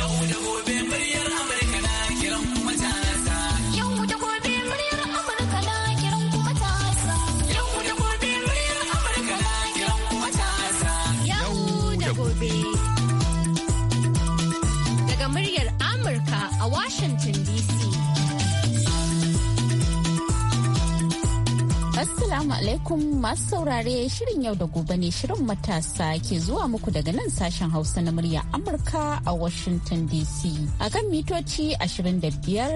dawo dawo alaikum masu saurare shirin yau da gobe ne shirin matasa ke zuwa muku daga nan sashen Hausa na murya Amurka a Washington DC. A kan mitoci 25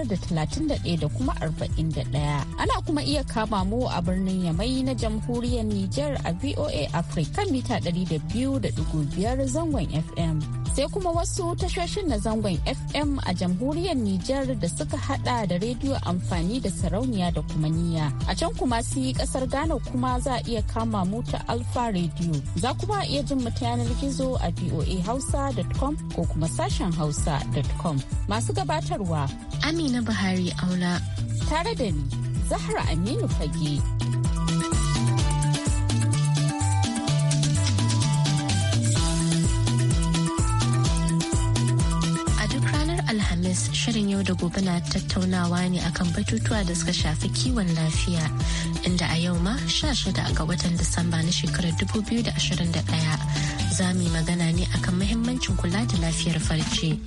da 31 da kuma 41. Ana kuma iya kama mu a birnin Yamai na jamhuriyar niger a VOA Africa kan mita 200.5 zangon FM. sai kuma wasu tashoshin na zangon fm a jamhuriyar Nijar da suka hada da rediyo amfani da sarauniya da kuma niya a can kuma su yi kasar ghana kuma za a iya kama mu ta alfa radio za kuma iya jin mu ta yanar gizo a voahausa.com ko kuma sashen hausa.com masu gabatarwa amina buhari auna tare da ni zahra aminu fage da gobe na tattaunawa ne akan batutuwa da suka shafi kiwon lafiya inda a yau ma 16 ga watan Disamba na shekarar 2021 za mu yi magana ne akan mahimmancin kula da lafiyar farce.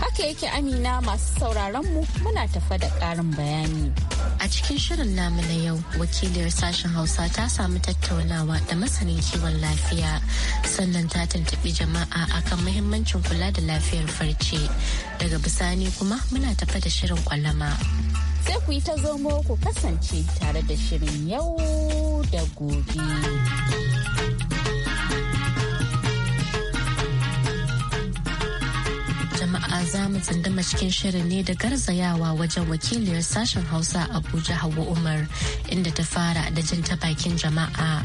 Haka yake amina masu sauraron mu muna tafa da ƙarin bayani. A cikin shirin namu na yau, wakiliyar sashen Hausa ta samu tattaunawa da masanin kiwon lafiya, sannan ta tuntuɓi jama'a akan muhimmancin kula da lafiyar farce. Daga bisani kuma muna tafa da shirin kwalama. Sai ku yi ta zomo ku kasance tare da shirin yau da gobe. jama'a za mu tsindama cikin shirin ne da garzayawa wajen wakiliyar sashen hausa abuja hawa umar inda ta fara da jin ta bakin jama'a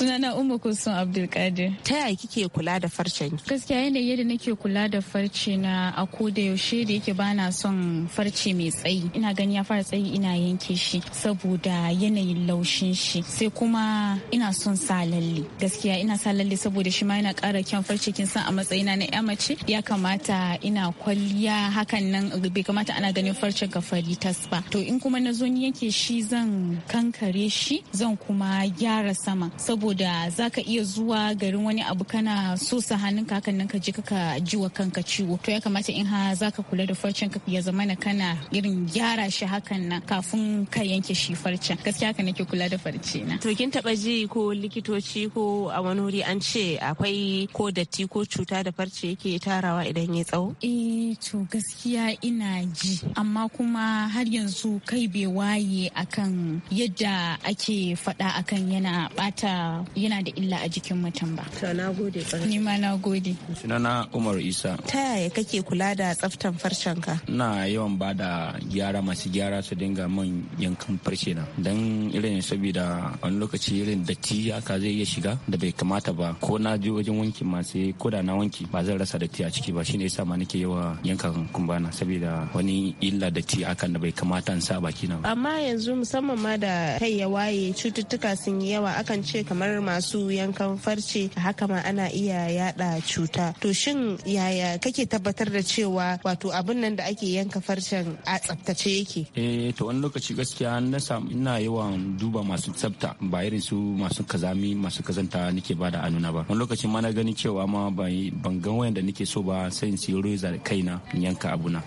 Sunana Umma abdul Abdulkadir. Ta yaya kike kula da farcen ki? Gaskiya yanda yadda nake kula da farce na a ko da yaushe da yake bana son farce mai tsayi. Ina gani ya fara tsayi ina yanke shi saboda yanayin laushin shi. Sai kuma ina son sa lalle. Gaskiya ina sa lalle saboda shi ma yana kara kyan farce kin san a matsayina na ƴa mace ya kamata ina kwalliya hakan nan bai kamata ana ganin farce ga fari tas To in kuma na zo ni yake shi zan kankare shi zan kuma gyara sama saboda saboda za ka iya zuwa garin wani abu kana so sosa hannun hakan nan ka ji kaka ji wa kanka ciwo to ya kamata in ha za ka kula da farcen ka ya zama na kana irin gyara shi hakan nan kafin ka yanke shi farcen gaskiya haka nake kula da farce na to kin taba ji ko likitoci ko a wani wuri an ce akwai ko datti ko cuta da farce yake tarawa idan ya tsawo eh to gaskiya ina ji amma kuma har yanzu kai bai waye akan yadda ake faɗa akan yana bata yana da illa a jikin mutum ba. To na gode Ni ma na gode. Sunana Umar Isa. Ta yaya kake kula da tsaftan farcen ka? Na yawan ba da gyara masu gyara su dinga man yankan farce na. Dan irin saboda wani lokaci irin datti haka zai iya shiga da bai kamata ba. Ko na je wajen wanki ma sai ko da na wanki ba zan rasa datti a ciki ba shine yasa ma nake yawa yankan kumbana saboda wani illa datti akan da bai kamata in sa baki na. Amma yanzu musamman ma da kai ya waye cututtuka sun yi yawa akan ce kamar kamar masu yankan farce haka ma ana iya yada cuta to shin yaya kake tabbatar da cewa wato abin nan da ake yanka farcen a tsaftace yake eh to wani lokaci gaskiya na samu ina yawan duba masu tsafta ba irin su masu kazami masu kazanta nake bada anuna ba wani lokaci ma na gani cewa ma ban gan wayan da nake so ba sai in siyo reza da kaina in yanka abuna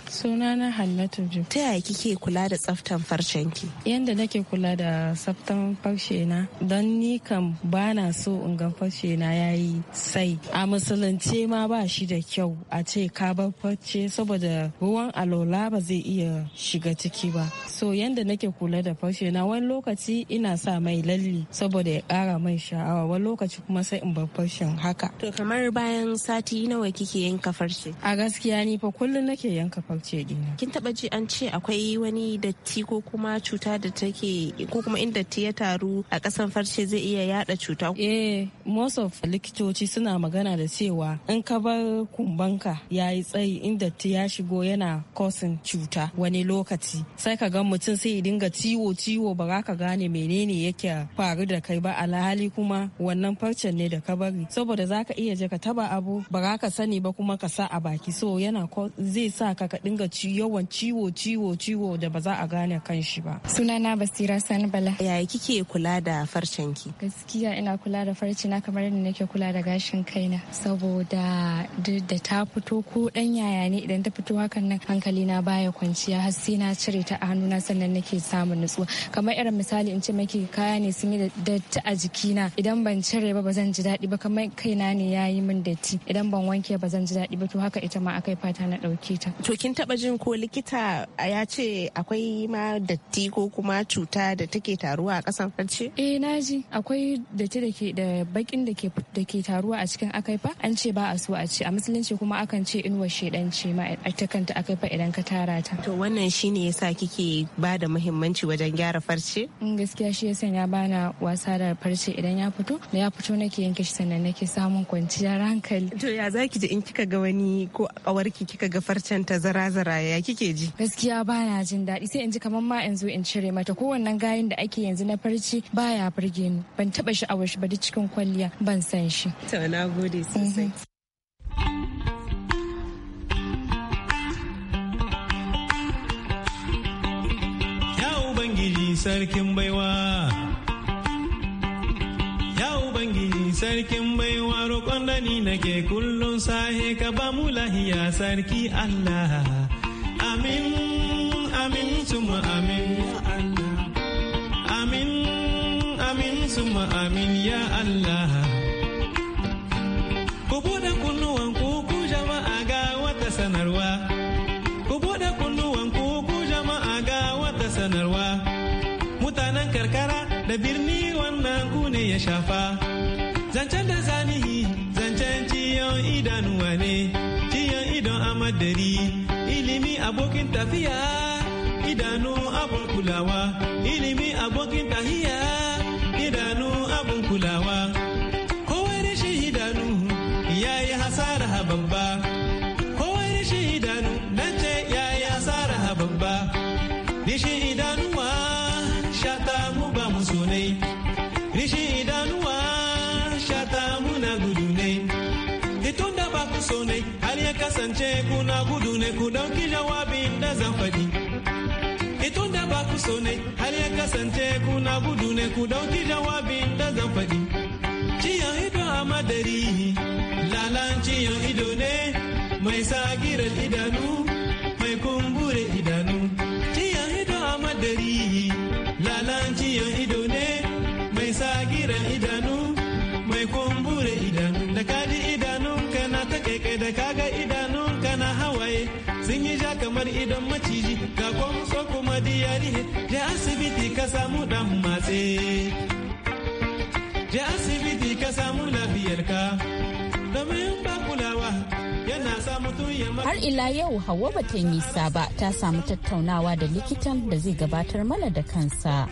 na hannatu ju ta yaya kike kula da tsaftan farcen ki yanda nake kula da tsaftan farce na don ni kam ba na so in ga face na yayi sai a musulunce ma ba shi da kyau a ce ka bar face saboda ruwan alola ba zai iya shiga ciki ba so yanda nake kula da fashe na wani lokaci ina sa mai lalli saboda ya kara mai sha'awa wani lokaci kuma sai in bar fashin haka to kamar bayan sati nawa kike yanka farce a gaskiya ni fa kullum nake yanka farce dina kin taba ji an ce akwai wani datti ko kuma cuta da take ko kuma in datti ya taru a kasan farce zai iya yada yada cuta? Eh, most of likitoci suna magana da cewa in ka bar kumbanka ya yi tsayi inda ya shigo yana kosin cuta wani lokaci. Sai ka ga mutum sai dinga ciwo ciwo ba za ka gane menene yake faru da kai ba alhali kuma wannan farcen ne da ka bari. Saboda za ka iya je ka taba abu ba za ka sani ba kuma ka sa a baki so yana zai sa ka ka dinga yawan ciwo ciwo ciwo da ba za a gane kan shi ba. Sunana Basira Sanbala. Yaya kike kula da farcen ki? iya ina kula da farci na kamar yadda nake kula da gashin kaina saboda duk da ta fito ko dan yaya ne idan ta fito hakan nan hankali na baya kwanciya har sai na cire ta a hannuna sannan nake samun nutsuwa kamar irin misali in ce maki kaya ne sun yi datti a jikina idan ban cire ba ba zan ji daɗi ba kamar kaina ne ya yi min datti idan ban wanke ba zan ji daɗi ba to haka ita ma akai fata na ɗauke ta. To kin taɓa jin ko likita ya ce akwai ma datti ko kuma cuta da take taruwa a ƙasan farce? Eh na akwai da da ke da bakin da ke taruwa a cikin akaifa an ce ba a so a ci a musulunci kuma akan ce inuwar shedan ce ma ta kanta akaifa idan ka tara ta to wannan shine yasa kike ba da muhimmanci wajen gyara farce mm, gaskiya shi yasa ya bana wasa da farce idan ya fito da ya fito nake yanke shi sannan nake samun kwanciyar hankali to ya zaki ji in kika ga wani ko kawarki kika ga farcen ta zara zara ya kike ji gaskiya bana jin daɗi sai in ji kamar ma in zo in cire mata kowannan gayin da ake yanzu na farce baya burge ni ban taba shi a ba bari cikin kwalliya ban san shi. To na gode sosai. Mhm. Ya Ubangiji sarkin baiwa. roƙon da ni nake kullum sahe ka ba mu lahiya sarki Allah. Amin, amin, tuma amin. suma amin ya Allah. Ku buɗe kunnuwan ku jama'a ga wata sanarwa. Ku buɗe kunnuwan ku jama'a ga wata sanarwa. Mutanen karkara da birni wannan ku ne ya shafa. Zancen da zanihi zancen ciyon idanuwa ne, ciyon idon amadari, ilimi abokin tafiya, idanu abokulawa, ilimi abokin tahiya. abin kulawa kowai rashin idanu ya yi hasara babba kowai rashin idanu nan ce ya yi hasara babba rashin sha shata mu ba mu sonai rashin idanuwa shata na gudu ne tun da ba ku sonai har ya kasance ku na gudu ne ku ɗauki jawabin da zan faɗi so ne har ya kasance kuna gudu ne ku dauki jawabin da zan faɗi ciyan ido a madari lalan ciyan ido ne mai idanu mai kumbure idanu ciyan ido a madari lalan ciyan ido ne mai idanu mai kumbure idanu da kaji idanun ta da kaga idanun na hawaye sun yi ja kamar idan maciji ga kwan ciyari je asibiti ka samu dan matse je asibiti ka samu lafiyarka domin ba kulawa Har ila yau Hauwa ba ta yi nisa ba ta samu tattaunawa da likitan da zai gabatar mana da kansa.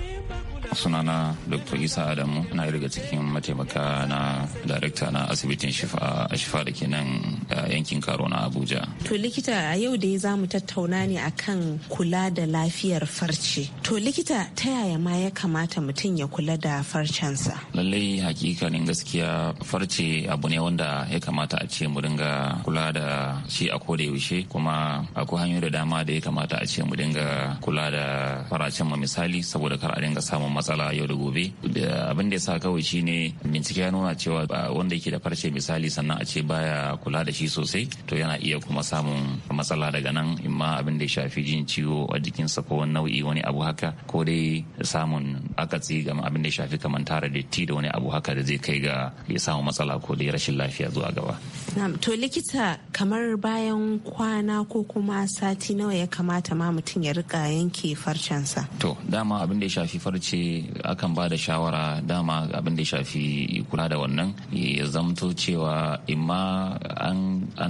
sunana dr isa adamu na daga cikin mataimaka na darakta na asibitin shifa a shifa da ke nan yankin karo na abuja to likita a yau da ya za mu tattauna ne akan kula da lafiyar farce to likita ta yaya ma ya kamata mutum ya kula da farcensa lallai hakikanin gaskiya farce abu ne wanda ya kamata a ce mu dinga kula da shi a koda yaushe kuma akwai hanyoyi da dama da ya kamata a ce mu dinga kula da faracen mu misali saboda kar a dinga samun matsala yau da gobe abin da ya sa kawai shine bincike ya nuna cewa wanda yake da farce misali sannan a ce baya kula da shi sosai to yana iya kuma samun matsala daga nan imma abin da ya shafi jin ciwo a jikinsa ko wani nau'i wani abu haka ko dai samun akatsi ga abin da ya shafi kamar tara datti da wani abu haka da zai kai ga ya samu matsala ko dai rashin lafiya zuwa gaba. to likita kamar bayan kwana ko kuma sati nawa ya kamata ma mutum ya rika yanke farcensa. to dama abin da ya shafi farce akan ba da shawara dama abin da shafi kula da wannan ya zamto cewa imma an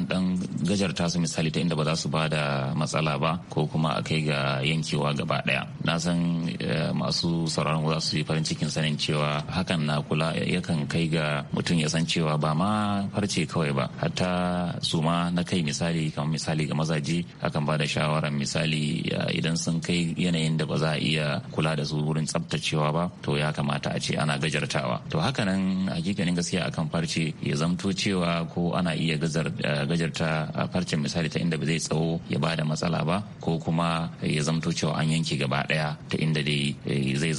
dan gajarta su misali ta inda ba za su ba da matsala ba ko kuma a kai ga yankewa gaba daya na san eh, masu sauraron za su yi farin cikin sanin cewa hakan na kula yakan kai ga mutum ya san cewa ba ma farce kawai ba hatta su ma na kai misali kamar misali ga mazaje akan ba da shawaran misali eh, idan sun kai yanayin da ba za a iya kula da su wurin tsabtace cewa ba to ya kamata a ce ana gajartawa to haka hakanan hakikanin gaskiya akan farce ya zamto cewa ko ana iya eh, gajarta a farcen misali ta inda ba zai tsawo ya ba da matsala ba ko kuma ya zamto cewa an yanke gaba daya ta inda dai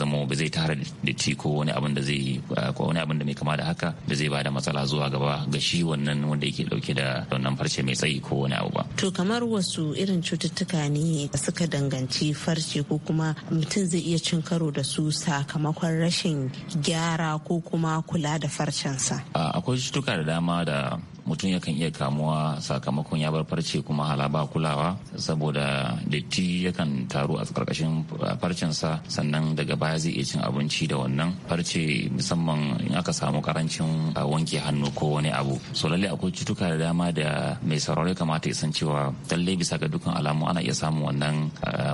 zama ba zai tara da ci ko wani abin da zai ah, ko wani abin da mai kama da haka da zai bada matsala zuwa gaba ga shi wannan wanda yake dauke da wannan farce mai tsayi ko wani abu ba to kamar wasu irin cututtuka ne suka danganci farce ko kuma mutum zai iya cin karo da su sakamakon rashin gyara ko kuma kula da farcensa ah, akwai cututtuka da dama da mutum yakan iya kamuwa sakamakon ya bar farce kuma hala ba kulawa saboda datti yakan taru a karkashin farcensa sannan daga baya zai iya cin abinci da wannan farce musamman in aka samu karancin wanke hannu ko wani abu so lalle akwai cutuka da dama da mai sauraro kamata ya san cewa lalle bisa ga dukkan alamu ana iya samun wannan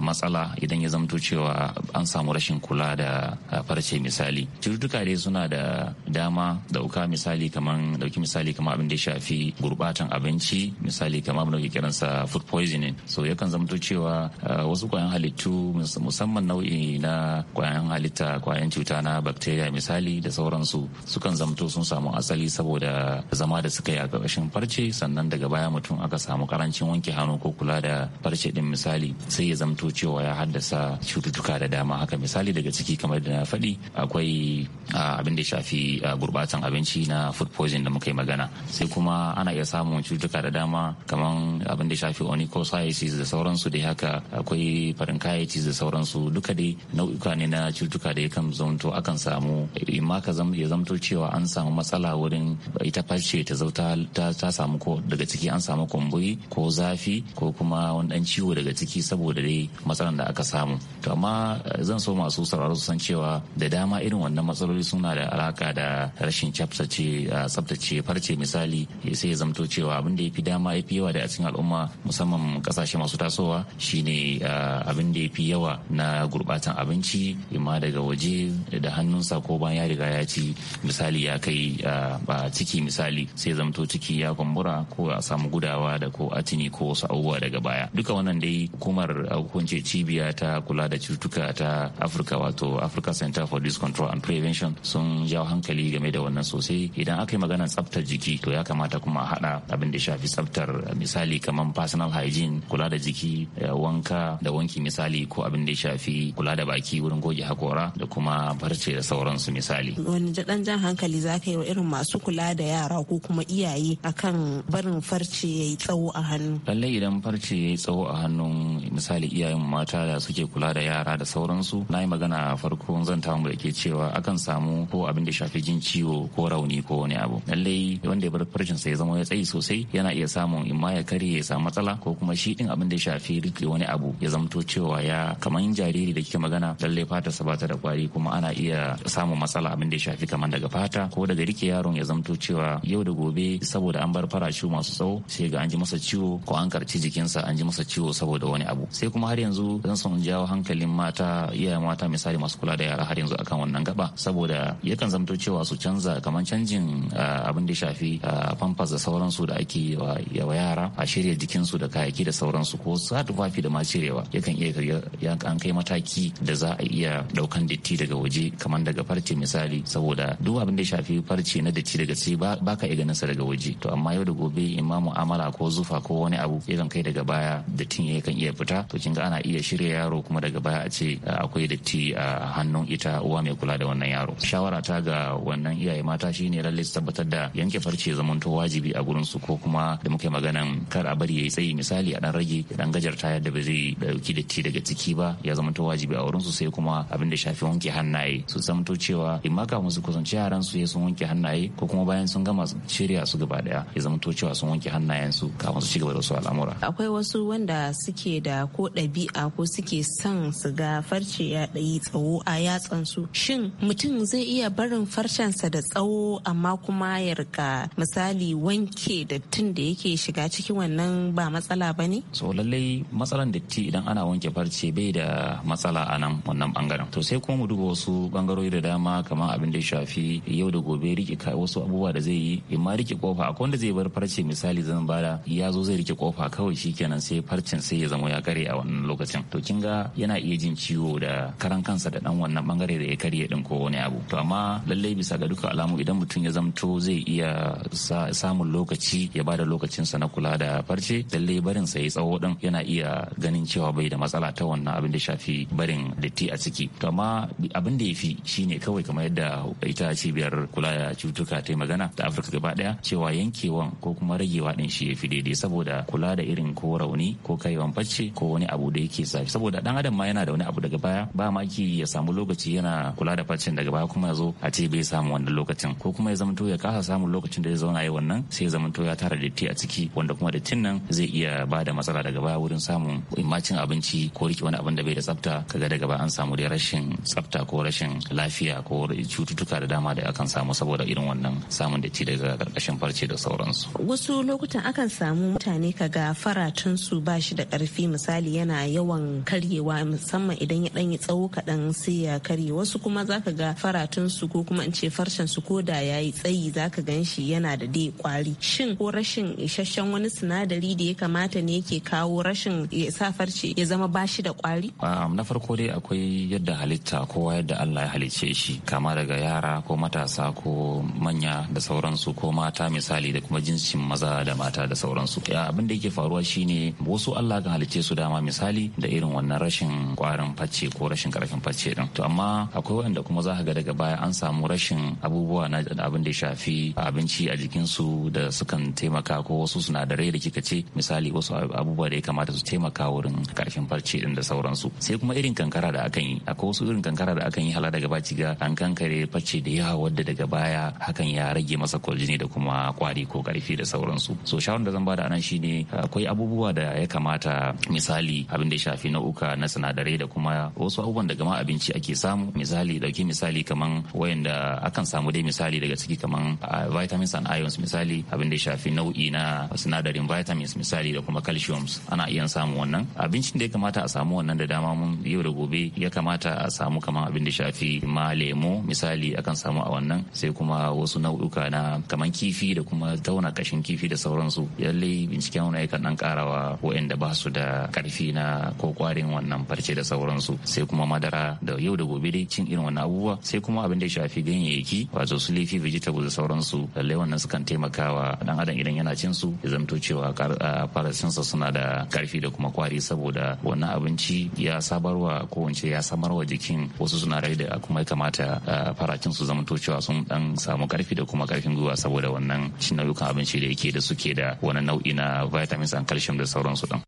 matsala idan ya zamto cewa an samu rashin kula da farce misali cututtuka dai suna da dama dauka misali kaman dauki misali kamar abin da ya sha. shafi gurbatan abinci misali kamar abin ke kiransa food poisoning so yakan zamto cewa eh, wasu kwayan halittu musamman nau'i na kwayan halitta kwayan cuta na bacteria misali da sauransu sukan zamto sun samu asali saboda zama da suka yi a gabashin farce sannan daga baya mutum aka samu karancin wanke hannu ko kula da farce din misali sai ya zamto cewa ya haddasa cututtuka da dama haka misali daga ciki kamar da na faɗi akwai ah, abin da ya shafi ah, gurbatan abinci na food poisoning da muka yi magana sai kuma kuma ana iya samun cututtuka da dama kamar abin da shafi onychomycosis da sauransu da haka akwai farin pharyngitis da sauransu duka dai nau'uka ne na cututtuka da yakan zamto akan samu imma ka ya zamto cewa an samu matsala wurin ita farce ta zauta ta samu ko daga ciki an samu kumburi ko zafi ko kuma wani dan ciwo daga ciki saboda dai matsalan da aka samu to amma zan so masu sauraro su san cewa da dama irin wannan matsaloli suna da alaka da rashin tsabtace tsaftace farce misali sai ya zamto cewa abin da ya fi dama ya fi yawa da a cikin al'umma musamman kasashe masu tasowa shine abin da ya fi yawa na gurbatan abinci imma daga waje da hannunsa ko ban ya riga ya ci misali ya kai ba ciki misali sai zamto ciki ya kumbura ko a samu gudawa da ko atini ko wasu abubuwa daga baya duka wannan dai hukumar hukunce cibiya ta kula da cututtuka ta afirka wato africa center for disease control and prevention sun jawo hankali game da wannan sosai idan aka yi maganar tsaftar jiki to ya kamata kamata kuma a haɗa abin da shafi tsaftar misali kamar personal hygiene kula da jiki eh, wanka da wanki misali ko abin da ya shafi kula da baki wurin goge hakora da kuma barce da sauransu misali. Wani jaɗan jan hankali za ka yi wa irin masu kula da yara ko kuma iyaye akan barin farce ya tsawo a hannu. Lallai idan farce ya tsawo a hannun misali iyayen mata da suke kula da yara da sauransu na yi magana a farko zan ta da ke cewa akan samu ko abin da shafi jin ciwo ko rauni ko wani abu. Lallai wanda ya bar farcin sa ya zama ya tsayi sosai yana iya samun in ma ya karye ya samu matsala ko kuma shi din abin da ya shafi rike wani abu ya zamto cewa ya kamar jariri da kike magana lalle fata sa bata da kwari kuma ana iya samun matsala abin da ya shafi kamar daga fata ko daga rike yaron ya zamto cewa yau da gobe saboda an bar farashi masu tsawo sai ga an ji masa ciwo ko an karci jikinsa an ji masa ciwo saboda wani abu sai kuma har yanzu zan son jawo hankalin mata iyaye mata misali masu kula da yara har yanzu akan wannan gaba saboda yakan zamto cewa su canza kamar canjin ah, abin da ya shafi ah, pampas da sauransu da ake wa yara a shirya jikinsu da kayaki da sauransu ko sa tufafi da ma cirewa yakan iya ya an kai mataki da za a iya ɗaukan datti daga waje kamar daga farce misali saboda duk abin da ya shafi farce na datti daga sai baka iya ganin sa daga waje to amma yau da gobe in ma mu'amala ko zufa ko wani abu yakan kai daga baya dattin ya kan iya fita to kin ga ana iya shirya yaro kuma daga baya a ce akwai datti a hannun ita uwa mai kula da wannan yaro shawara ta ga wannan iyaye mata shine lallai su tabbatar da yanke farce zamantowa wajibi a gurin su ko kuma da muke maganan kar a bari yayi tsayi misali a dan rage dan gajarta da ba zai dauki datti daga ciki ba ya zama to wajibi a wurin su sai kuma abin da shafi wanke hannaye su zamto cewa in ma kafin su kusanci yaran su sun wanke hannaye ko kuma bayan sun gama shirya su gaba daya ya zamto cewa sun wanke hannayen su kafin su cigaba da su al'amura akwai wasu wanda suke da ko dabi'a ko suke son su ga farce ya tsawo a yatsan su shin mutum zai iya barin farcensa da tsawo amma kuma ya rika misali wanke dattin da yake shiga cikin wannan ba matsala ba ne? So lallai matsalan datti idan ana wanke farce bai da matsala a nan wannan bangaren. To sai kuma mu duba wasu bangarori da dama kamar abin da shafi yau da gobe rike wasu abubuwa da zai yi in ma rike kofa akwai wanda zai bar farce misali zan bada ya zo zai rike kofa kawai shi kenan sai farcen sai ya zama ya kare a wannan lokacin. To kin ga yana iya jin ciwo da karan kansa da dan wannan bangare da ya karye din ko wani abu. To amma lallai bisa ga duka alamu idan mutum ya zamto zai iya sa samun lokaci ya bada lokacinsa na kula da farce lalle barin sa ya tsawo din yana iya ganin cewa bai da matsala ta wannan abin da shafi barin datti a ciki to amma abin da ya fi shine kawai kamar yadda ita cibiyar kula da cutuka ta magana ta afirka gaba daya cewa yankewan ko kuma ragewa din shi ya fi daidai saboda kula da irin ko rauni ko kaiwan farce ko wani abu da yake zafi saboda dan adam ma yana da wani abu daga baya ba maki ya samu lokaci yana kula da farcen daga baya kuma ya zo a ce bai samu wannan lokacin ko kuma ya zamto ya kasa samun lokacin da zai zauna yau wannan sai ya zamanto ya tara datti a ciki wanda kuma dattin nan zai iya ba da matsala daga baya wurin samun imacin abinci ko riki wani abin da bai da tsafta kaga daga baya an samu dai rashin tsafta ko rashin lafiya ko cututtuka da dama da akan samu saboda irin wannan samun datti daga karkashin farce da sauransu wasu lokutan akan samu mutane kaga faratun su ba shi da karfi misali yana yawan karyewa musamman idan ya danyi tsawo kaɗan sai ya karye wasu kuma zaka ga faratun su ko kuma in ce farshen su ko da yayi tsayi zaka gan shi yana da dai rage kwari shin ko rashin isasshen wani sinadari da ya kamata ne yake kawo rashin sa farce ya zama bashi da kwari na farko dai akwai yadda halitta kowa yadda Allah ya halicce shi kama daga yara ko matasa ko manya da sauransu ko mata misali da kuma jinsin maza da mata da sauransu abin da yake faruwa shine wasu Allah ka halicce su dama misali da irin wannan rashin kwarin facce ko rashin karfin facce din to amma akwai wanda kuma za ka ga daga baya an samu rashin abubuwa na abin da ya shafi abinci a jikinsu su da sukan taimaka ko wasu sinadarai da kika ce misali wasu abubuwa da ya kamata su taimaka wurin karfin farce din da sauransu sai kuma irin kankara da akan yi akwai wasu irin kankara da akan yi hala daga baci ga an kankare farce da yawa wadda daga baya hakan ya rage masa kwaljini da kuma kwari ko karfi da sauransu so shawarar da zan bada anan shine akwai abubuwa da ya kamata misali abin da ya shafi na'uka na sinadarai da kuma wasu abubuwan da gama abinci ake samu misali dauki misali kaman wayanda akan samu dai misali daga ciki kaman ah, vitamins and ions misali abin da ya shafi nau'i na sinadarin vitamins misali da kuma calciums ana iya samun wannan abincin da ya kamata a samu wannan da dama mun yau da gobe ya kamata a samu kamar abin da shafi ma lemo misali akan samu a wannan sai kuma wasu nau'uka na kamar kifi da kuma tauna kashin kifi da sauransu yalle binciken wani yakan dan karawa wa'anda ba su da karfi na ko kwarin wannan farce da sauransu sai kuma madara da yau da gobe dai cin irin wannan abubuwa sai kuma abin da ya shafi ganyayyaki wato su leafy vegetables da sauransu lallai wannan sukan taimaka taimakawa dan adam idan yana cin su ya zamto cewa farasinsa suna da karfi da kuma kwari saboda wannan abinci ya sabarwa ko wance ya samarwa jikin wasu suna rai da kuma ya kamata cin su zamto cewa sun dan samu karfi da kuma karfin gwiwa saboda wannan cin nau'ukan abinci da yake da suke da wani nau'i na vitamins and calcium da sauransu din.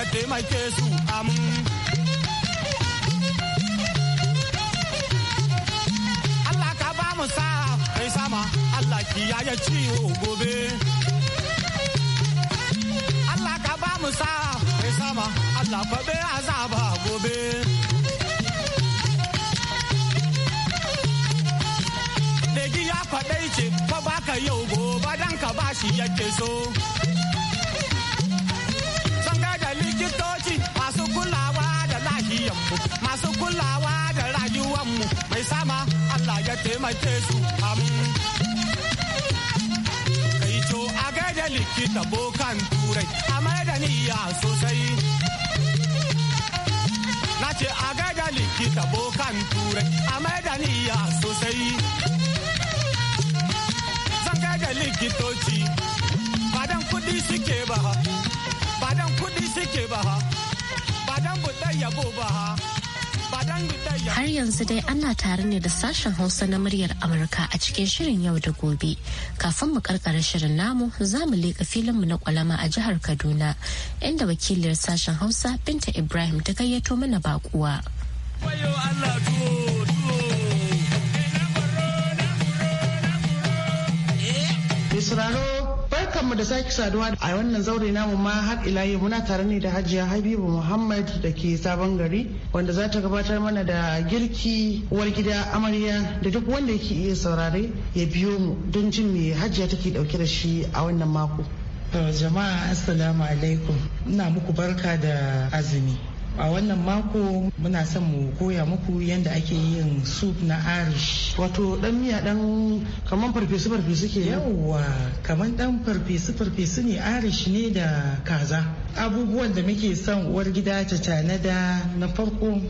ka taimake su amin. Allah ka ba mu sa kai sama Allah ya ciwo gobe. Allah ka ba mu sa kai sama Allah azaba gobe. degi ya faɗa ce, fa baka yau gobe don ka bashi yake so. gwamnati masu kulawa da lahiyanmu masu kulawa da rayuwanmu mai sama Allah ya taimake su kai to a gaida likita bokan turai a mai da niyya sosai na ce a gaida likita bokan turai a mai da niyya sosai zan gaida likitoci Har yanzu dai ana tare ne da sashen Hausa na muryar Amurka a cikin shirin yau da gobe. Kafin mu karkara shirin namu za mu leƙa filinmu na kwalama a jihar Kaduna inda wakiliyar sashen Hausa Binta Ibrahim ta gayyato mana bakuwa. Eh, eh. Mai barkanmu da sake saduwa a wannan zaure namu ma har ila yau muna tare ne da Hajiya Habibu Muhammad da ke sabon gari wanda za ta gabatar mana da girki uwar gida amarya da duk wanda yake iya saurare ya biyo mu don jin me Hajiya take dauke da shi a wannan mako. jama'a assalamu alaikum ina muku barka da azumi a wannan mako muna son mu koya muku yadda ake yin soup na irish wato dan miya dan kaman farfesu farfesu ke yawwa kaman dan farfesu farfesu ne irish ne da kaza abubuwan da muke son uwar gida ta tanada na farko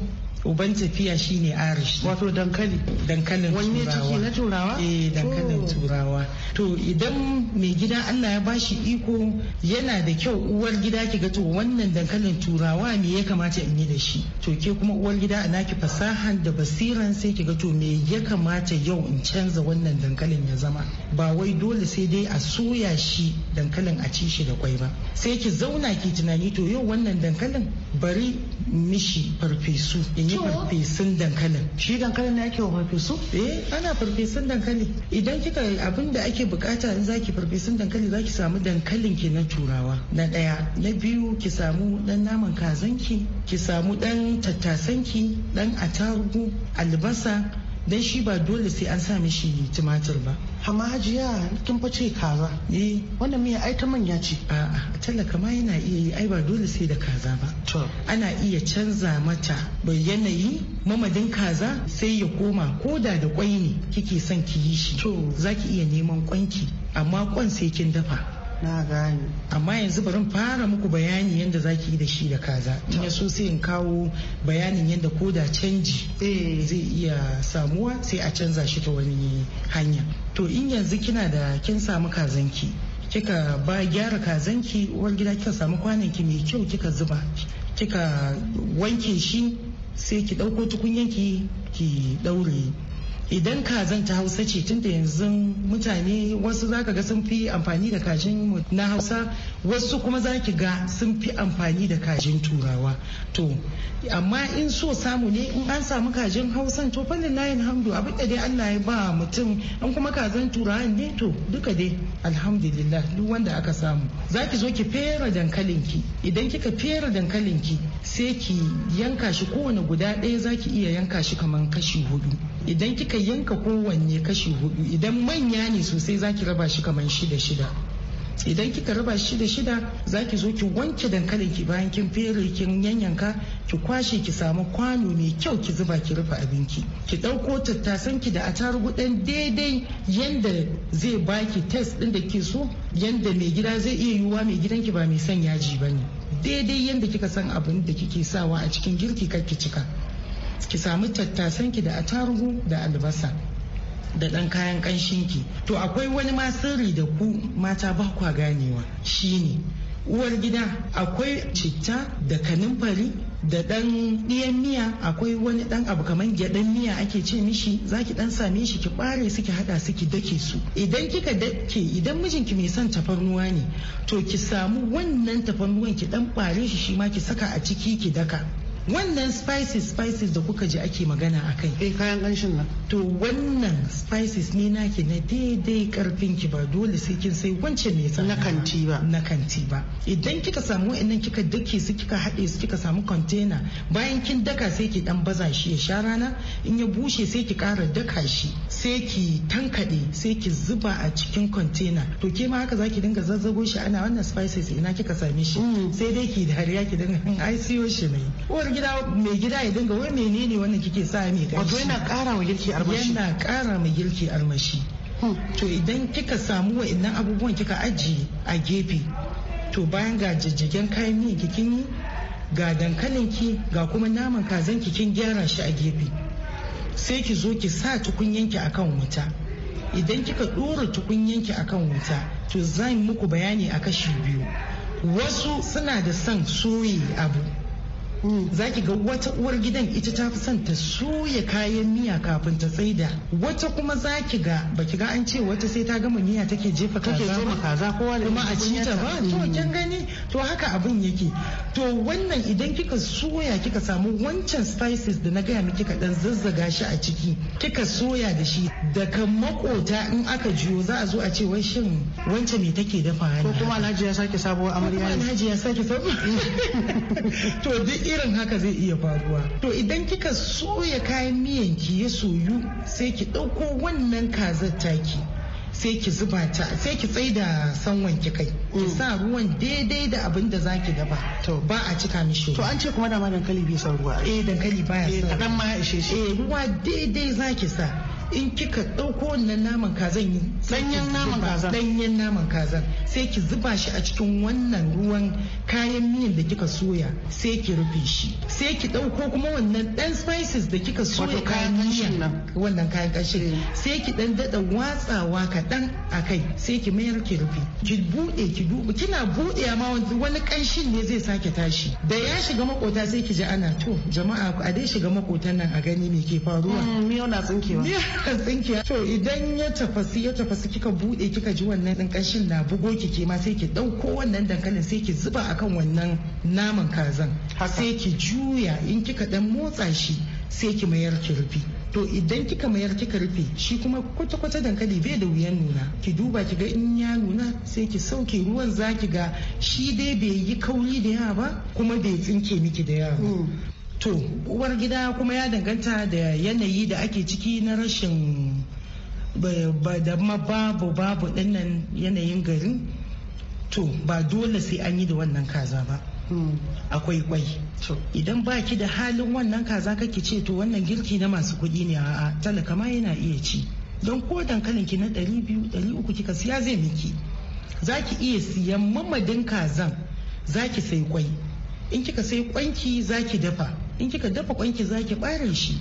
uban tafiya shine irish wato dankali dankalin wanne ciki na turawa eh dankalin turawa to idan mai gida Allah ya bashi iko yana da kyau uwar gida ki ga to wannan dankalin turawa me ya kamata in yi da shi to ke kuma uwar gida a naki fasahan da basiran sai ki ga to me ya kamata yau in canza wannan dankalin ya zama ba wai dole sai dai a soya shi dankalin a ci shi da kwai ba sai ki zauna ki tunani to yau wannan dankalin bari mishi farfesu yi farfesun dankalin shi dankalin na ake wa farfesu eh ana farfesun dankali idan kika abin da ake bukata in zaki farfesun dankali zaki samu dankalin ki na turawa na daya na biyu ki samu dan naman kazanki ki samu dan tattasanki dan atarugu albasa dan shi ba dole sai an sa mishi tumatir ba amma hajiya kin ce kaza eh wannan miya ai ta manya ce a'a talla ma yana iya yi ai ba dole sai da kaza ba to ana iya canza mata bai yanayi mamadin kaza sai ya koma koda da kwai ne kike son ki yi shi to zaki iya neman kwanki amma kwan sai kin dafa na gane amma yanzu bari fara muku bayani yadda zaki yi da shi da kaza in ya so sai in kawo bayanin yadda ko da canji eh. zai iya samuwa sai a canza shi ta wani hanya to in yanzu kina da kin samu kazanki kika ba gyara kazanki uwar gida kika samu kwananki mai kyau kika zuba kika wanke shi sai ki ɗauko tukunyanki ki ɗaure idan kazan ta hausa ce tunda yanzu mutane wasu zaka ga sun fi amfani da kajin na hausa wasu kuma zaki ga sun fi amfani da kajin turawa to amma in so samu ne in an samu kajin hausan to fannin layin hamdu abin da dai allah ya ba mutum an kuma kazan turawa ne to duka dai alhamdulillah duk wanda aka samu zaki zo ki fera dankalin ki idan kika fera dankalinki sai ki yanka shi kowane guda ɗaya zaki iya yanka shi kaman kashi hudu idan kika yanka kowanne kashi hudu idan manya ne sosai zaki raba shi kamar shida shida idan kika raba shi da shida za ki zo ki wanke dankalin ki bayan kin fere kin yanyanka ki kwashe ki samu kwano mai kyau ki zuba ki rufe abinki ki ɗauko tattasan ki da atarugu ɗan daidai yanda zai baki test ɗin da ke so yanda mai gida zai iya yiwuwa mai gidan ki ba mai son yaji ba ne daidai yanda kika san abin da kike sawa a cikin girki kar ki cika ki samu tattasanki da atarugu da albasa da ɗan kayan ƙanshinki to akwai wani ma sirri da ku mata ba kwa ganewa shine uwar gida akwai citta da kanumfari da ɗan ɗiyan miya akwai wani ɗan abu kamar gyaɗan miya ake ce mishi zaki ɗan same shi ki ɓare su ki haɗa su ki dake su idan kika dake idan mijinki mai son tafarnuwa ne to ki samu wannan tafarnuwan ki ɗan ɓare shi shi ma ki saka a ciki ki daka wannan spices spices da kuka ji ake magana a kai eh kayan kanshin nan to wannan spices ne nake na daidai karfin ki ba dole sai kin sai wancan ne. na kanti ba na kanti ba idan kika samu wannan kika dake su kika haɗe su kika samu container bayan kin daka sai ki dan baza shi ya sha rana in ya bushe sai ki ƙara daka shi sai ki tankade sai ki zuba a cikin container to ke ma haka zaki dinga zazzago shi ana wannan spices ina kika same shi mm. sai dai ki dariya ki dinga in hmm, ai siyo shi ne uwar gida mai gida ya dinga wai menene wannan kike sa mai kanshi wato yana kara ma girki armashi yana kara ma girki armashi to idan kika samu wa'annan abubuwan kika ajiye a gefe to bayan ga jijjigen kayan miyan kikin yi ga dankalin ki ga kuma naman kazan kikin gyara shi a gefe sai ki zo ki sa tukunyanki akan wuta idan kika dora tukunyanki akan wuta to zan muku bayani a kashi biyu wasu suna da son soye abu za ki ga wata uwar gidan ita ta fi son ta soya kayan miya kafin ta tsaida wata kuma za ki ga baki ga an ce wata sai ta gama miya take jefa kaza kuma a ci ta ba to kin gani to haka abin yake to wannan idan kika soya kika samu wancan spices da na gaya miki kadan zazzaga shi a ciki kika soya da shi daga makota in aka jiyo za a zo a ce wai shin wance me take dafa ko kuma alhaji ya sake sabuwar amarya alhaji ya sake sabuwar to duk irin haka zai iya faruwa to idan kika soya kayan miyan ki ya soyu sai ki ɗauko wannan kazar taki sai ki zuba ta sai ki da sanwan ki kai ki mm. sa ruwan daidai da abin da zaki dafa to ba a cika mishi to an ce kuma dama dankali bai son ruwa eh dankali baya eh, son kadan ma ya ishe shi eh ruwa daidai zaki sa in kika ɗauko wannan naman kazan yi ɗanyen naman kazan ɗanyen naman kazan sai ki zuba shi a cikin wannan ruwan kayan miyan da kika soya sai ki rufe shi sai ki ɗauko kuma wannan ɗan spices da kika soya kayan miyan wannan kayan ƙanshin eh. sai ki ɗan daɗa watsawa kaɗan a kai sai ki mayar ki rufe ki buɗe ki duba kina buɗe ma wani ƙanshin ne zai sake tashi da ya shiga makota sai ki ji ana to jama'a a dai shiga makotan nan a gani me ke faruwa mm, miyo na tsinkewa kan tsinki to idan ya tafasi ya tafasi kika bude kika ji wannan din kashin na bugo ki ke ma sai ki dauko wannan dankalin sai ki zuba akan wannan naman kazan sai ki juya in kika dan motsa shi sai ki mayar ki rufi to idan kika mayar kika rufe shi kuma kwata-kwata dankali bai da wuyan nuna ki duba ki ga in ya nuna sai ki sauke ruwan zaki ga shi dai bai yi kauri da yawa ba kuma bai tsinke miki da yawa hmm. To, uwar gida kuma ya danganta da yanayi da ake ciki na rashin da babu babu dinnan yanayin garin. To, ba dole sai an yi da wannan kaza ba. Hmm. Akwai kwai. Idan baki da halin wannan kaza kake ce to wannan girki na masu kuɗi ne a talaka ma yana iya ci. Don ko dankalin ki na ɗari biyu ɗari uku kika siya zai miki. Za ki iya siyan mamadin kazan za ki sai kwai. In kika sai kwanki za ki dafa. in kika dafa kwanki zaki bare shi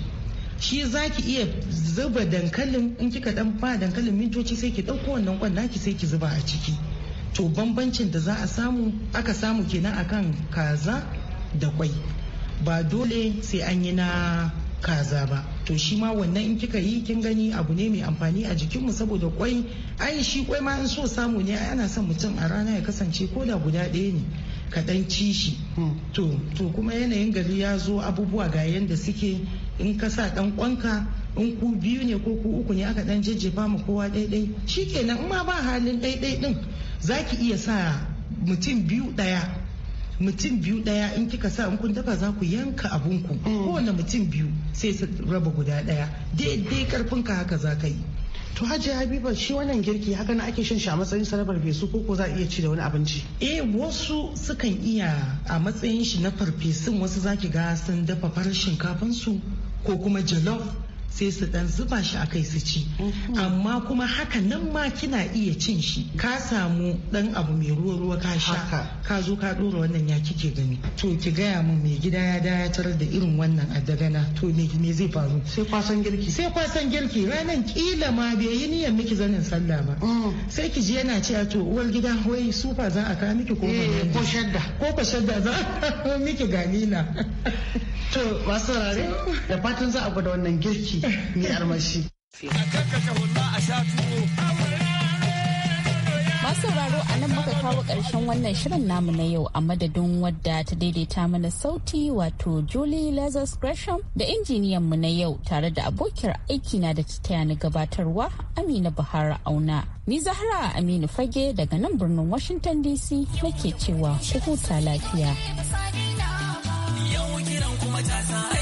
shi zaki iya zuba dankalin in kika dan ba dankalin mintoci sai ki dauko wannan kwan naki sai ki zuba a ciki to bambancin da za a samu aka samu kenan akan kaza da kwai ba dole sai an yi na kaza ba to shi ma wannan in kika yi kin gani abu ne mai amfani a jikinmu saboda kwai ai shi kwai ma in so samu ne ana son mutum a rana ya kasance ko da guda ɗaya ne ka dan shi hmm. to to kuma yanayin gari ya zo abubuwa ga yanda suke in ka sa dan kwanka in ku biyu ne ko ku uku ne aka dan jajjefa mu kowa daidai shikenan in ma ba halin daidai din zaki iya sa mutum biyu daya mutum biyu daya in kika sa in kun dafa za ku yanka abunku hmm. kowane mutum biyu sai su raba guda daya daidai karfin ka haka za ka yi To Hajiya Habiba shi wannan girki haka na ake shan shi a matsayin sarrafa farfesu ko ko za a iya ci da wani abinci? Eh wasu sukan iya a matsayin shi na farfesun wasu zaki ga sun dafa farar shinkafansu ko kuma jalof sai su dan zuba shi a kai su ci mhm. amma kuma haka nan ma kina iya cin shi ka samu dan abu mai ruwa ruwa ka sha ka zo ka dora wannan ya kike gani to ki gaya mun mai gida ya dayatar da irin wannan addagana to me me zai faru sai kwasan girki sai kwasan girki ranan kila ma bai yi niyyar miki zanin sallah ba mm. sai ki ji yana cewa to uwar gida wai sufa za a kawo miki ko eh, ko shadda ko ko shadda za a miki ganina. to masu rare da fatan za a gwada wannan girki ni armashi masu sauraro a nan muka kawo ƙarshen wannan shirin namu na yau a madadin wadda ta daidaita mana sauti wato julie lazarus gresham da injiniyan mu na yau tare da abokiyar aiki na da ta ni gabatarwa amina bahara auna ni zahra aminu fage daga nan birnin washington dc nake cewa ku huta lafiya kuma